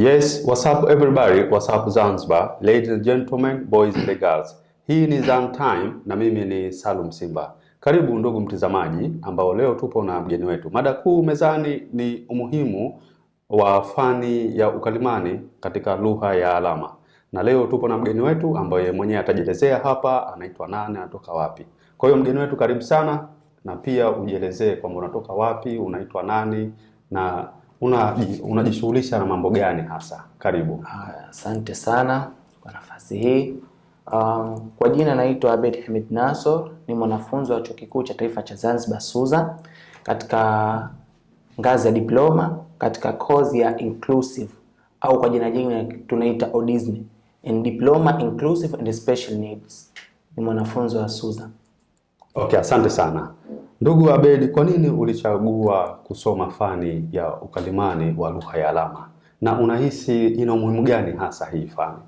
Yes, what's up everybody, what's up Zanzibar, ladies and gentlemen, boys and girls. Hii ni Zan Time na mimi ni Salum Simba. Karibu ndugu mtizamaji, ambao leo tupo na mgeni wetu. Mada kuu mezani ni umuhimu wa fani ya ukalimani katika lugha ya alama, na leo tupo na mgeni wetu ambaye mwenyewe atajielezea hapa, anaitwa nani, anatoka wapi. Kwa hiyo mgeni wetu, karibu sana, na pia ujielezee kwamba unatoka wapi, unaitwa nani na unajishughulisha una na mambo gani hasa? Karibu. Ah, asante sana kwa nafasi hii. Um, kwa jina naitwa Abed Hamid Nasor, ni mwanafunzi wa Chuo Kikuu cha Taifa cha Zanzibar Suza, katika ngazi ya diploma katika kozi ya inclusive au kwa jina jingine tunaita Autism in Diploma Inclusive and Special Needs. Ni mwanafunzi wa Suza. Okay, asante sana ndugu Abedi, kwa nini ulichagua kusoma fani ya ukalimani wa lugha ya alama na unahisi ina umuhimu gani hasa hii fani?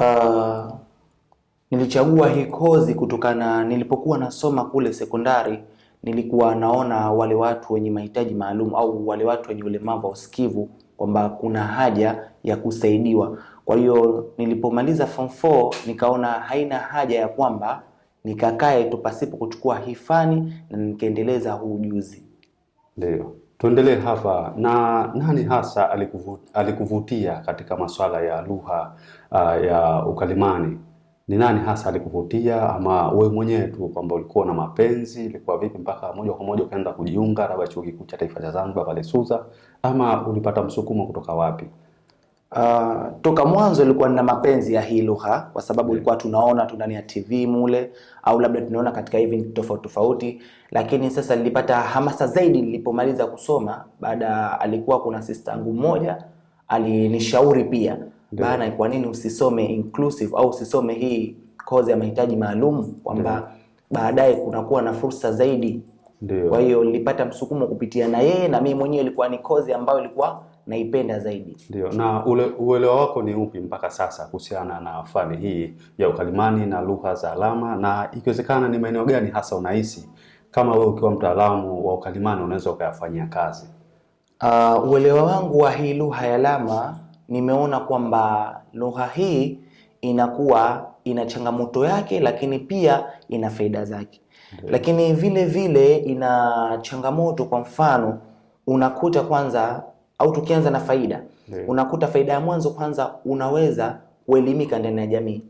Uh, nilichagua hii kozi kutokana, nilipokuwa nasoma kule sekondari nilikuwa naona wale watu wenye mahitaji maalum au wale watu wenye ulemavu wa usikivu kwamba kuna haja ya kusaidiwa. Kwa hiyo nilipomaliza form 4 nikaona haina haja ya kwamba nikakae tu pasipo kuchukua hifani na nikaendeleza huu ujuzi. Ndio, tuendelee hapa. Na nani hasa alikuvutia katika masuala ya lugha uh, ya ukalimani? Ni nani hasa alikuvutia, ama wewe mwenyewe tu kwamba ulikuwa na mapenzi? Ilikuwa vipi mpaka moja kwa moja ukaenda kujiunga labda chuo kikuu cha taifa cha Zanzibar pale Suza, ama ulipata msukumo kutoka wapi? Uh, toka mwanzo ilikuwa nina mapenzi ya hii lugha kwa sababu ilikuwa tunaona tu ndani ya TV mule au labda tunaona katika hivi tofauti tofauti, lakini sasa nilipata hamasa zaidi nilipomaliza kusoma. Baada alikuwa kuna sister yangu mmoja alinishauri pia bana, kwa nini usisome inclusive au usisome hii kozi ya mahitaji maalum, kwamba baadaye kunakuwa na fursa zaidi. Kwa hiyo nilipata msukumo kupitia na yeye, na mimi mwenyewe ilikuwa ni kozi ambayo ilikuwa naipenda zaidi. Ndio. Na ule uelewa wako ni upi mpaka sasa kuhusiana na fani hii ya ukalimani na lugha za alama, na ikiwezekana ni maeneo gani hasa unahisi kama wewe ukiwa mtaalamu wa ukalimani unaweza ukayafanyia kazi? Uh, uelewa wangu wa hii lugha ya alama, nimeona kwamba lugha hii inakuwa ina changamoto yake, lakini pia ina faida zake. Ndiyo. Lakini vile vile ina changamoto. Kwa mfano unakuta kwanza au tukianza na faida yeah. Unakuta faida ya mwanzo kwanza, unaweza kuelimika ndani ya jamii.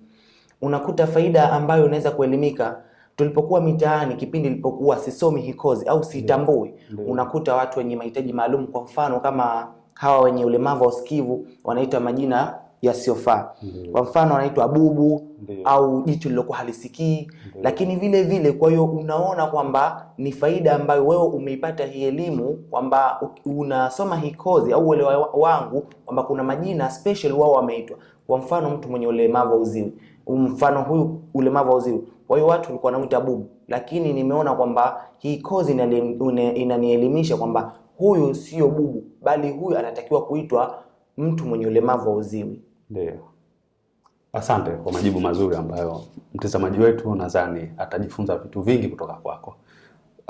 Unakuta faida ambayo unaweza kuelimika, tulipokuwa mitaani kipindi nilipokuwa sisomi hikozi au sitambui yeah. Yeah. Unakuta watu wenye mahitaji maalum, kwa mfano kama hawa wenye ulemavu wa usikivu wanaitwa majina yasiyofaa. Kwa mfano anaitwa bubu Ndiyo. au jicho lilokuwa halisikii, lakini vile vile. Kwa hiyo unaona kwamba ni faida ambayo wewe umeipata hii elimu, kwamba unasoma hii kozi au uelewa wangu kwamba kuna majina special wao wameitwa, kwa mfano mtu mwenye ulemavu wa uziwi, um, mfano huyu ulemavu wa uziwi kwa hiyo watu walikuwa wanamuita bubu, lakini nimeona kwamba hii kozi inanielimisha kwamba huyu sio bubu, bali huyu anatakiwa kuitwa mtu mwenye ulemavu wa uziwi. Ndio, asante kwa majibu mazuri ambayo mtazamaji wetu nadhani atajifunza vitu vingi kutoka kwako.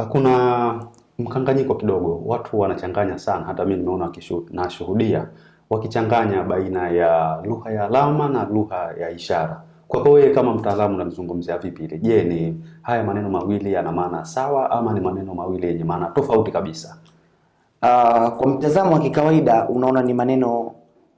Kuna mkanganyiko kidogo, watu wanachanganya sana, hata mimi nimeona nashuhudia wakichanganya baina ya lugha ya alama na lugha ya ishara. Kwako wewe kama mtaalamu unalizungumzia vipi ile? Je, ni haya maneno mawili yana maana sawa ama ni maneno mawili yenye maana tofauti kabisa? Uh, kwa mtazamo wa kikawaida unaona ni maneno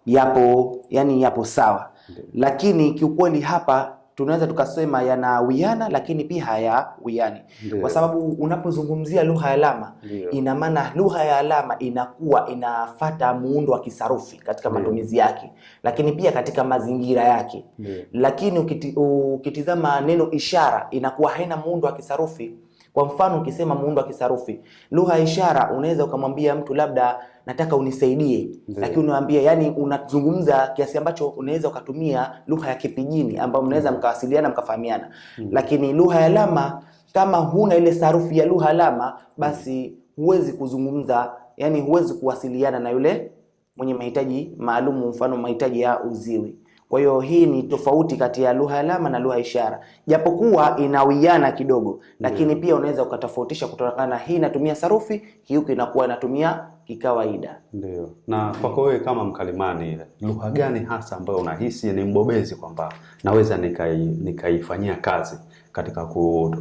yapo yani yapo sawa Ndiyo. Lakini kiukweli hapa tunaweza tukasema yanawiana, lakini pia hayawiani, kwa sababu unapozungumzia lugha ya alama, ina maana lugha ya alama inakuwa inafata muundo wa kisarufi katika matumizi yake, lakini pia katika mazingira yake. Lakini ukiti, ukitizama neno ishara inakuwa haina muundo wa kisarufi. Kwa mfano, ukisema muundo wa kisarufi lugha ya ishara, unaweza ukamwambia mtu labda nataka unisaidie, lakini unawaambia, yani unazungumza kiasi ambacho unaweza ukatumia lugha ya kipijini ambayo mnaweza mkawasiliana mkafahamiana, lakini lugha ya alama kama huna ile sarufi ya lugha alama, basi huwezi kuzungumza, yani huwezi kuwasiliana na yule mwenye mahitaji maalumu, mfano mahitaji ya uziwi. Kwa hiyo hii ni tofauti kati ya lugha alama na lugha ishara, japokuwa inawiana kidogo, lakini pia unaweza ukatofautisha kutokana na hii inatumia sarufi, hiyo huku inakuwa inatumia kikawaida. Ndio. na kwako wewe kama mkalimani, lugha gani hasa ambayo unahisi ni mbobezi kwamba naweza nikaifanyia nika kazi katika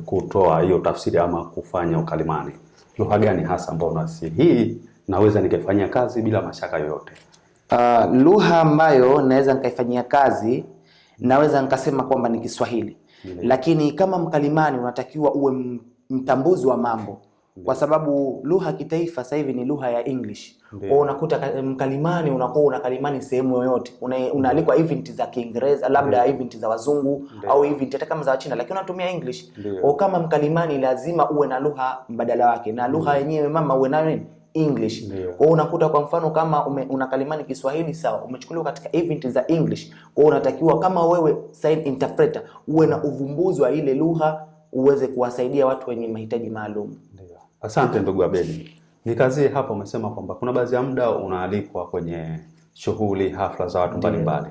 kutoa hiyo tafsiri ama kufanya ukalimani? Lugha gani hasa ambayo unahisi hii naweza nikaifanyia kazi bila mashaka yoyote? uh, lugha ambayo naweza nikaifanyia kazi naweza nikasema kwamba ni Kiswahili Mdele. Lakini kama mkalimani unatakiwa uwe mtambuzi wa mambo Mdele. Kwa sababu lugha kitaifa sasa hivi ni lugha ya English kwa unakuta mkalimani unakuwa unakalimani sehemu yoyote unaalikwa event za Kiingereza labda event za wazungu Mdele. Au event hata kama za Wachina lakini unatumia English. Kwa kama mkalimani lazima uwe na lugha mbadala wake na lugha yenyewe mama uwe nayo nini English. Kwa hiyo unakuta kwa mfano kama ume, una kalimani Kiswahili sawa, umechukuliwa katika event za English. Kwa hiyo unatakiwa kama wewe sign interpreter uwe na uvumbuzi wa ile lugha uweze kuwasaidia watu wenye mahitaji maalum. Asante ndugu Abedi. Nikazie hapo, umesema kwamba kuna baadhi ya muda unaalikwa kwenye shughuli hafla za watu mbalimbali.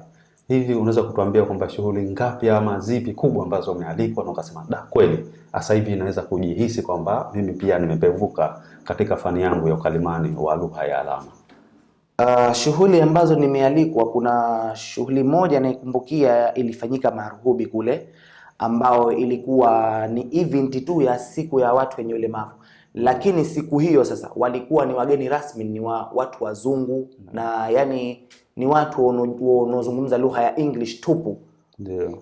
Hivi unaweza kutuambia kwamba shughuli ngapi ama zipi kubwa ambazo umealikwa na ukasema da, kweli sasa hivi inaweza kujihisi kwamba mimi pia nimepevuka katika fani yangu ya ukalimani wa lugha ya alama? Uh, shughuli ambazo nimealikwa, kuna shughuli moja naikumbukia ilifanyika Maruhubi kule, ambao ilikuwa ni event tu ya siku ya watu wenye ulemavu, lakini siku hiyo sasa walikuwa ni wageni rasmi, ni wa watu wazungu mm -hmm. na yani ni watu wanaozungumza lugha ya English tupu.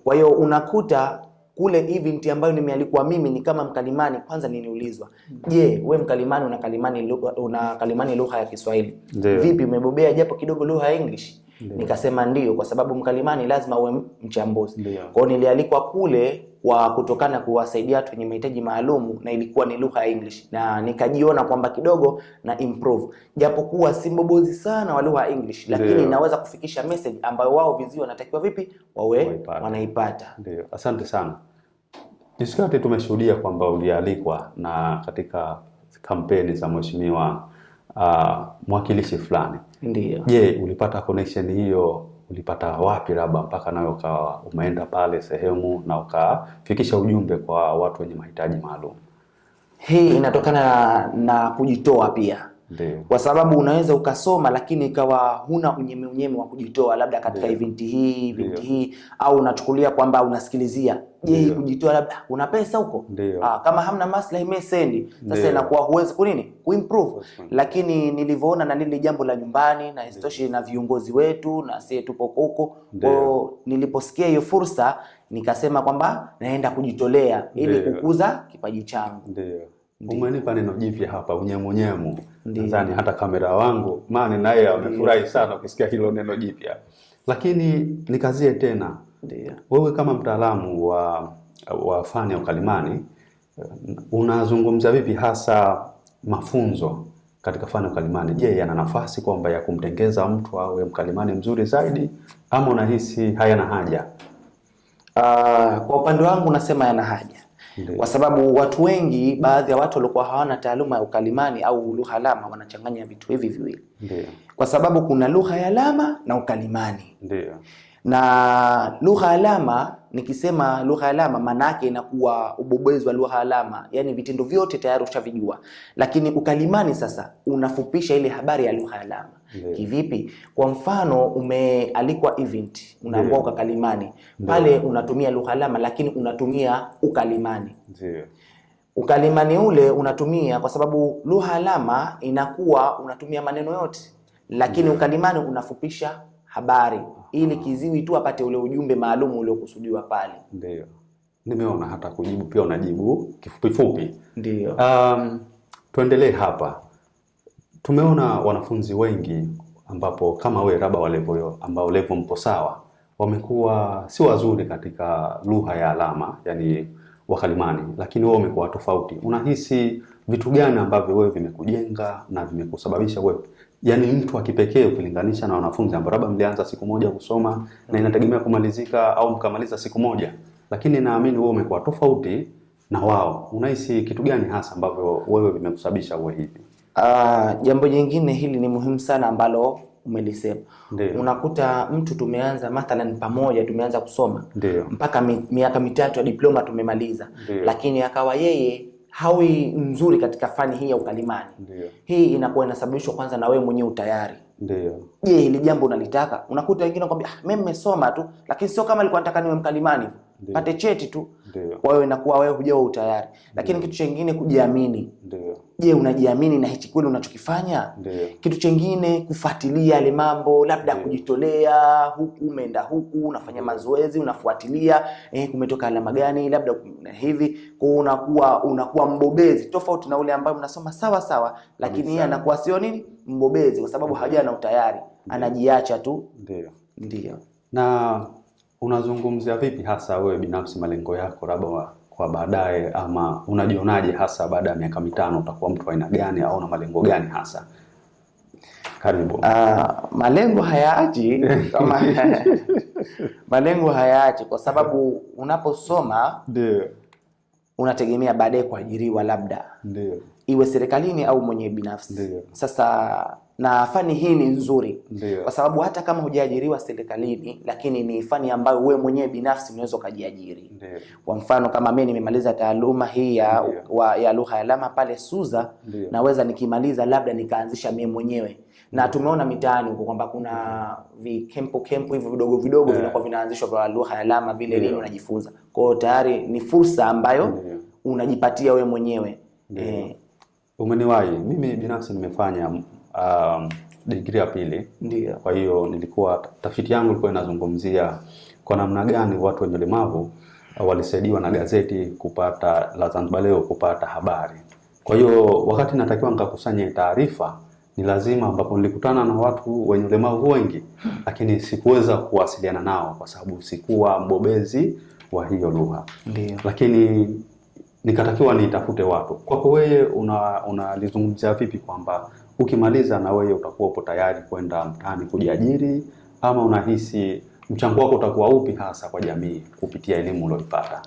Kwa hiyo unakuta kule event ambayo nimealikwa mimi ni kama mkalimani, kwanza niniulizwa je, we mkalimani una kalimani una kalimani lugha ya Kiswahili vipi? Umebobea japo kidogo lugha ya English? Nikasema ndio, kwa sababu mkalimani lazima uwe mchambuzi. kwao nilialikwa kule wa kutokana kuwasaidia watu wenye mahitaji maalum, na ilikuwa ni lugha ya English, na nikajiona kwamba kidogo na improve, japokuwa simbobozi sana wa lugha ya English, lakini Deo. naweza kufikisha message ambayo wao viziwi wanatakiwa vipi wawe wanaipata. Deo. asante sana. Diskati tumeshuhudia kwamba ulialikwa na katika kampeni za mheshimiwa uh, mwakilishi fulani. Ndio. Je, ulipata connection hiyo ulipata wapi, labda mpaka nawe ukawa umeenda pale sehemu na ukafikisha ujumbe kwa watu wenye mahitaji maalum? Hii inatokana na, na kujitoa pia Deo. Kwa sababu unaweza ukasoma lakini ikawa huna unyeme unyeme wa kujitoa labda katika eventi hii eventi hii, au unachukulia kwamba unasikilizia je, kujitoa labda una pesa huko, ah, kama hamna maslahi mesendi, sasa inakuwa huwezi kunini kuimprove. Lakini nilivyoona na nili jambo la nyumbani na istoshi na viongozi wetu na sie tupo huko, kwa hiyo niliposikia hiyo fursa nikasema kwamba naenda kujitolea ili kukuza kipaji changu. ndio Umenipa neno jipya hapa, unyemonyemo. Nadhani hata kamera wangu Mane naye amefurahi sana kusikia hilo neno jipya, lakini nikazie tena. Ndiyo. Wewe kama mtaalamu wa, wa fani ya ukalimani unazungumza vipi hasa mafunzo katika fani ya ukalimani? Je, yana nafasi kwamba ya kumtengeza mtu awe mkalimani mzuri zaidi ama unahisi hayana haja? Uh, kwa upande wangu nasema yana haja kwa sababu watu wengi, baadhi ya watu walikuwa hawana taaluma ya ukalimani au lugha alama, wanachanganya vitu hivi viwili, kwa sababu kuna lugha ya alama na ukalimani. Ndiyo na lugha alama, nikisema lugha alama maana yake inakuwa ubobezi wa lugha alama, yani vitendo vyote tayari ushavijua, lakini ukalimani sasa unafupisha ile habari ya lugha alama. Yeah. Kivipi? Kwa mfano umealikwa event, unaambiwa yeah, ukakalimani pale. Yeah. Unatumia lugha alama lakini unatumia ukalimani. Yeah. Ukalimani ule unatumia kwa sababu lugha alama inakuwa unatumia maneno yote, lakini yeah, ukalimani unafupisha habari ili kiziwi tu apate ule ujumbe maalum uliokusudiwa pale. Ndio nimeona hata kujibu pia unajibu kifupifupi. Ndio. Um, tuendelee hapa. Tumeona wanafunzi wengi ambapo kama we raba walivyo ambao levo mpo sawa, wamekuwa si wazuri katika lugha ya alama, yani wakalimani, lakini wao wamekuwa tofauti. Unahisi vitu gani ambavyo wewe vimekujenga na vimekusababisha wewe yani mtu wa kipekee ukilinganisha na wanafunzi ambao labda mlianza siku moja kusoma na mm-hmm. inategemea kumalizika au mkamaliza siku moja, lakini naamini wewe umekuwa tofauti na wao. Unahisi kitu gani hasa ambavyo wewe vimekusababisha uwe hivi? Uh, jambo jingine hili ni muhimu sana ambalo umelisema. Unakuta mtu tumeanza mathalan pamoja tumeanza kusoma Ndiyo. mpaka mi, miaka mitatu ya diploma tumemaliza Ndiyo. lakini akawa yeye hawi mzuri katika fani hii ya ukalimani. Ndiyo. Hii inakuwa inasababishwa kwanza na wewe mwenyewe utayari. Ndiyo. Je, hili jambo unalitaka? Unakuta wengine wanakuambia ah, mimi nimesoma tu, lakini sio kama nilikuwa nataka niwe mkalimani pate cheti tu. Kwa hiyo inakuwa wewe hujao utayari, lakini kitu chengine kujiamini. Je, unajiamini na hichi kweli unachokifanya? Kitu chengine kufuatilia yale mambo, labda kujitolea, huku umeenda huku unafanya mazoezi, unafuatilia eh, kumetoka alama gani, labda hivi kwa unakuwa unakuwa mbobezi, tofauti na ule ambaye unasoma sawa sawa, lakini yeye anakuwa sio nini mbobezi, kwa sababu hajana utayari, anajiacha tu. Ndio, ndio na unazungumzia vipi hasa wewe binafsi malengo yako labda kwa baadaye, ama unajionaje hasa baada ya miaka mitano utakuwa mtu aina gani au na malengo gani hasa? Karibu. Uh, malengo hayaaji kama malengo hayaachi kwa sababu unaposoma ndio unategemea baadaye kuajiriwa labda, ndio iwe serikalini au mwenyewe binafsi. Sasa na fani hii ni nzuri Ndiyo. kwa sababu hata kama hujaajiriwa serikalini, lakini ni fani ambayo wewe mwenyewe binafsi unaweza ukajiajiri. Kwa mfano kama mimi nimemaliza taaluma hii ya, ya lugha ya alama pale SUZA Ndiyo. naweza nikimaliza labda nikaanzisha mimi mwenyewe na tumeona mitaani huko kwamba kuna vikempo kempo hivyo vidogo vidogo yeah. vinakuwa vinaanzishwa kwa lugha ya alama vile lini unajifunza kwao, tayari ni fursa ambayo Ndiyo. unajipatia we mwenyewe eh. Umeniwahi mimi binafsi nimefanya um, digrii ya pili. Ndio. Kwa hiyo nilikuwa tafiti yangu ilikuwa inazungumzia kwa namna gani watu wenye ulemavu walisaidiwa na gazeti kupata la Zanzibar Leo kupata habari. Kwa hiyo wakati natakiwa nikakusanye taarifa ni lazima, ambapo nilikutana na watu wenye ulemavu wengi, lakini sikuweza kuwasiliana nao kwa sababu sikuwa mbobezi wa hiyo lugha. Ndio. Lakini nikatakiwa nitafute watu. Kwako wewe unalizungumzia una vipi kwamba Ukimaliza na wewe utakuwa upo tayari kwenda mtaani kujiajiri, ama unahisi mchango wako utakuwa upi hasa kwa jamii kupitia elimu uliyoipata?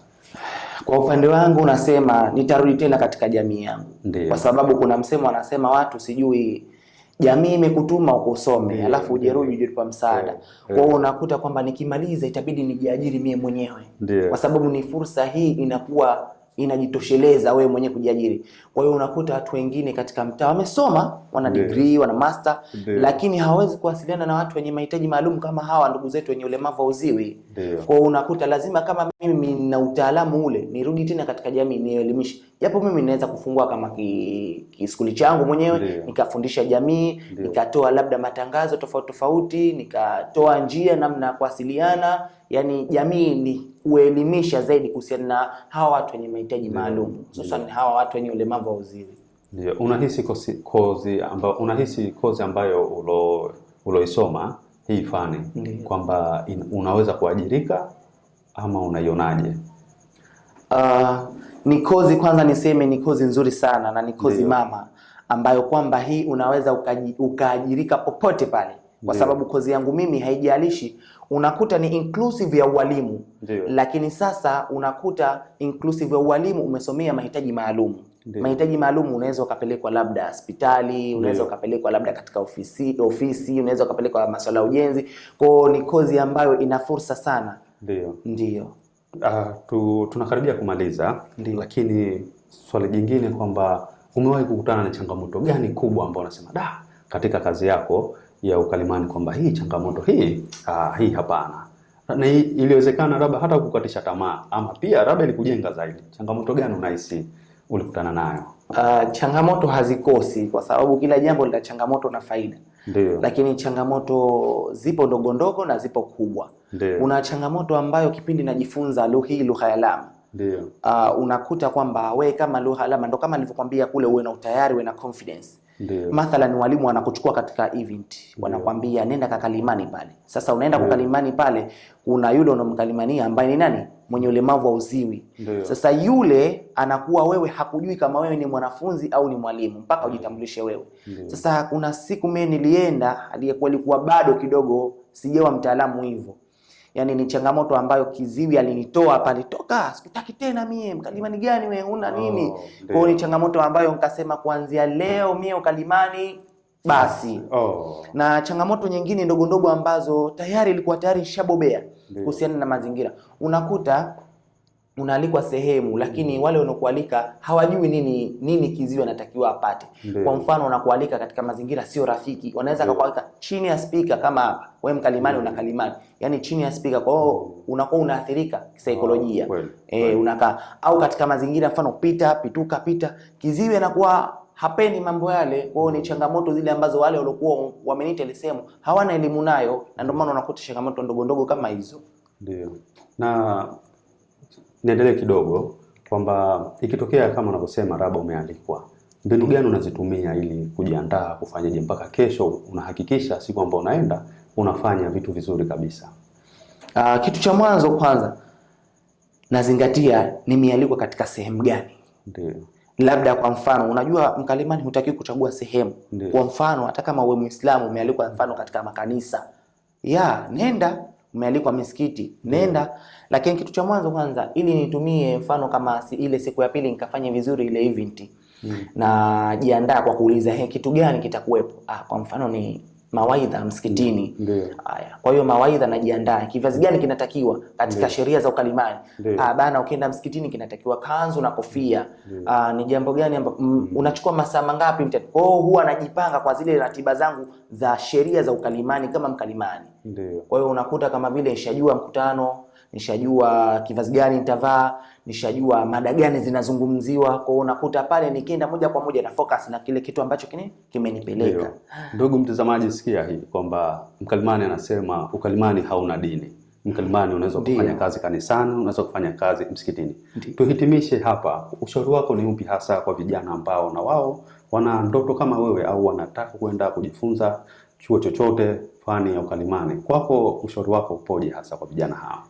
Kwa upande wangu nasema nitarudi tena katika jamii yangu, kwa sababu kuna msemo anasema watu sijui jamii imekutuma ukusome alafu ujeruhi ujipa msaada. Kwa hiyo unakuta kwamba nikimaliza itabidi nijiajiri mie mwenyewe, kwa sababu ni fursa hii inakuwa inajitosheleza wewe mwenyewe kujiajiri. Kwa hiyo unakuta watu wengine katika mtaa wamesoma, wana degree, wana master, lakini hawawezi kuwasiliana na watu wenye mahitaji maalum kama hawa ndugu zetu wenye ulemavu wa uziwi. Kwa hiyo unakuta lazima, kama mimi nina utaalamu ule, nirudi tena katika jamii nielimishe japo mimi naweza kufungua kama kiskuli ki changu mwenyewe nikafundisha jamii nikatoa labda matangazo tofauti tofauti nikatoa njia namna ya kuwasiliana yani jamii ni kuelimisha zaidi kuhusiana na hawa watu wenye mahitaji maalum hususan hawa watu wenye ulemavu wa uziwi ndio unahisi kozi, kozi ambayo unahisi kozi ambayo ulo uloisoma hii fani kwamba unaweza kuajirika ama unaionaje? Uh, ni kozi kwanza, niseme ni kozi nzuri sana na ni kozi mama ambayo kwamba hii unaweza ukaajirika popote pale kwa sababu kozi yangu mimi haijalishi, unakuta ni inclusive ya ualimu, lakini sasa unakuta inclusive ya ualimu umesomea mahitaji maalum. Mahitaji maalum unaweza ukapelekwa labda hospitali, unaweza ukapelekwa labda katika ofisi, ofisi unaweza ukapelekwa masuala ya ujenzi. Kwao ni kozi ambayo ina fursa sana, ndio uh, tu, tunakaribia kumaliza Ndi. Lakini swali jingine kwamba umewahi kukutana na changamoto gani kubwa ambayo unasema da katika kazi yako ya ukalimani kwamba hii changamoto hii uh, hii hapana na iliwezekana labda hata kukatisha tamaa ama pia labda ilikujenga zaidi, changamoto gani unahisi? ulikutana nayo? Uh, changamoto hazikosi kwa sababu kila jambo lina changamoto na faida. Ndiyo. Lakini changamoto zipo ndogo ndogo na zipo kubwa. Ndiyo. Kuna changamoto ambayo kipindi najifunza lugha hii lugha ya alama Ndiyo. Uh, ah, unakuta kwamba we kama lugha alama ndo kama nilivyokuambia kule, uwe na utayari, uwe na confidence. Ndiyo. Mathalan walimu wanakuchukua katika event, wanakwambia nenda kakalimani pale. Sasa unaenda kukalimani pale, kuna yule unomkalimania ambaye ni nani? mwenye ulemavu wa uziwi. Ndiyo. Sasa yule anakuwa wewe hakujui kama wewe ni mwanafunzi au ni mwalimu mpaka ujitambulishe wewe. Ndiyo. Sasa kuna siku mimi nilienda aliyekuwa alikuwa bado kidogo sijewa mtaalamu hivyo. Yaani ni changamoto ambayo kiziwi alinitoa pale, toka sikutaki tena mie, mkalimani gani wewe, una nini? Oh, kwa ni changamoto ambayo nikasema kuanzia leo mie ukalimani basi oh. Na changamoto nyingine ndogo ndogo ambazo tayari ilikuwa tayari nishabobea kuhusiana na mazingira, unakuta unaalikwa sehemu lakini mm. wale wanaokualika hawajui nini nini kiziwi anatakiwa apate. Ndiyo. Kwa mfano wanakualika katika mazingira sio rafiki, wanaweza kukualika chini ya spika, kama hapa wewe mkalimani una kalimani, yani chini ya spika. Kwa hiyo unakuwa unaathirika kisaikolojia. Oh, ah, well, eh, well. E, unakaa au katika mazingira mfano pita pituka pita, kiziwi anakuwa hapeni mambo yale. Kwa ni changamoto zile ambazo wale waliokuwa wamenita ile sehemu hawana elimu nayo, na ndio maana unakuta changamoto ndogo ndogo kama hizo. Ndio, na niendelee kidogo kwamba ikitokea kama unavyosema raba umeandikwa, mbinu gani unazitumia ili kujiandaa kufanyaje mpaka kesho unahakikisha siku ambayo unaenda unafanya vitu vizuri kabisa? Aa, ah, kitu cha mwanzo kwanza nazingatia nimealikwa katika sehemu gani. Ndio labda kwa mfano, unajua mkalimani hutaki kuchagua sehemu. Kwa mfano, hata kama wewe Muislamu umealikwa mfano katika makanisa ya nenda, umealikwa misikiti nenda Lakini kitu cha mwanzo kwanza, ili nitumie mfano kama ile siku ya pili nikafanye vizuri ile event na jiandaa kwa kuuliza he, kitu gani kitakuwepo? Ah, kwa mfano ni mawaidha msikitini. Mm, Haya, kwa hiyo mawaidha, najiandaa kivazi gani kinatakiwa katika sheria za ukalimani? Ah bana, ukienda msikitini kinatakiwa kanzu na kofia. Aa, ah, ni jambo gani amba, m, mm. unachukua masaa mangapi Kwa hiyo huwa najipanga kwa zile ratiba zangu za sheria za ukalimani kama mkalimani. Kwa hiyo unakuta kama vile nishajua mkutano nishajua kivazi gani nitavaa, nishajua mada gani zinazungumziwa. Kwa hiyo unakuta pale nikienda moja kwa moja na focus na kile kitu ambacho kini kimenipeleka. Ndugu mtazamaji, sikia hii kwamba mkalimani anasema ukalimani hauna dini. Mkalimani unaweza kufanya kazi kanisani, unaweza kufanya kazi msikitini. Tuhitimishe hapa, ushauri wako ni upi hasa kwa vijana ambao na wao wana ndoto kama wewe au wanataka kwenda kujifunza chuo chochote fani ya ukalimani? Kwako ushauri wako upoje hasa kwa vijana hao?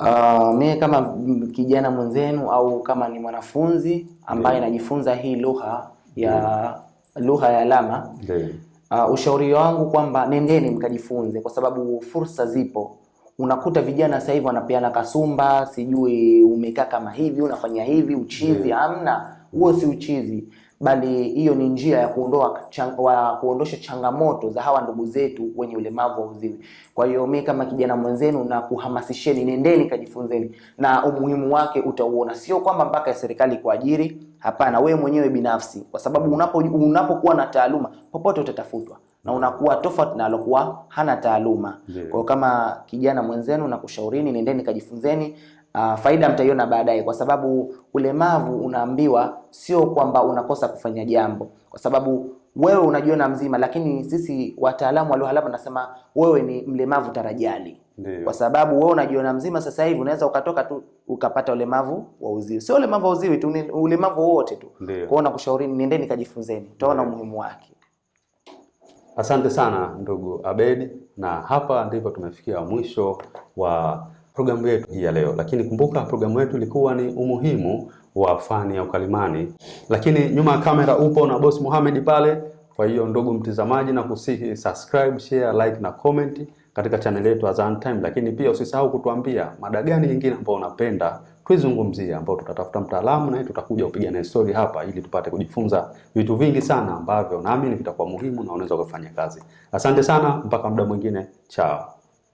Uh, mimi kama kijana mwenzenu au kama ni mwanafunzi ambaye najifunza hii lugha ya lugha ya alama uh, ushauri wangu kwamba nendeni mkajifunze, kwa sababu fursa zipo. Unakuta vijana sasa hivi wanapeana kasumba, sijui umekaa kama hivi, unafanya hivi, uchizi. Hamna, huo si uchizi bali hiyo ni njia ya kuondoa chang, wa, kuondosha changamoto za hawa ndugu zetu wenye ulemavu wa uziwi. Kwa hiyo mimi kama kijana mwenzenu na kuhamasisheni, nendeni kajifunzeni, na umuhimu wake utauona, sio kwamba mpaka ya serikali kuajiri, hapana, wewe mwenyewe binafsi, kwa sababu unapo unapokuwa na taaluma popote utatafutwa na unakuwa tofauti na alokuwa hana taaluma. Kwa hiyo kama kijana mwenzenu na kushaurini, nendeni kajifunzeni. Uh, faida mtaiona baadaye, kwa sababu ulemavu unaambiwa sio kwamba unakosa kufanya jambo, kwa sababu wewe unajiona mzima, lakini sisi wataalamu wa nasema wewe ni mlemavu tarajali. Ndiyo. Kwa sababu wewe unajiona mzima sasa hivi, unaweza ukatoka tu ukapata ulemavu wa uziwi. Sio ulemavu wa uziwi tu, ulemavu wote tu. Kwa hiyo nakushaurini, niendeni kajifunzeni, utaona umuhimu wake. Asante sana ndugu Abedi, na hapa ndipo tumefikia mwisho wa programu yetu hii ya leo, lakini kumbuka programu yetu ilikuwa ni umuhimu wa fani ya ukalimani, lakini nyuma ya kamera upo na boss Mohamed pale. Kwa hiyo ndugu mtizamaji, na kusihi subscribe, share, like na comment katika channel yetu Azan Time, lakini pia usisahau kutuambia mada gani nyingine ambayo unapenda tuizungumzie, ambao tutatafuta mtaalamu na tutakuja kupiga naye story hapa, ili tupate kujifunza vitu vingi sana ambavyo naamini vitakuwa muhimu na unaweza kufanya kazi. Asante sana, mpaka muda mwingine, chao.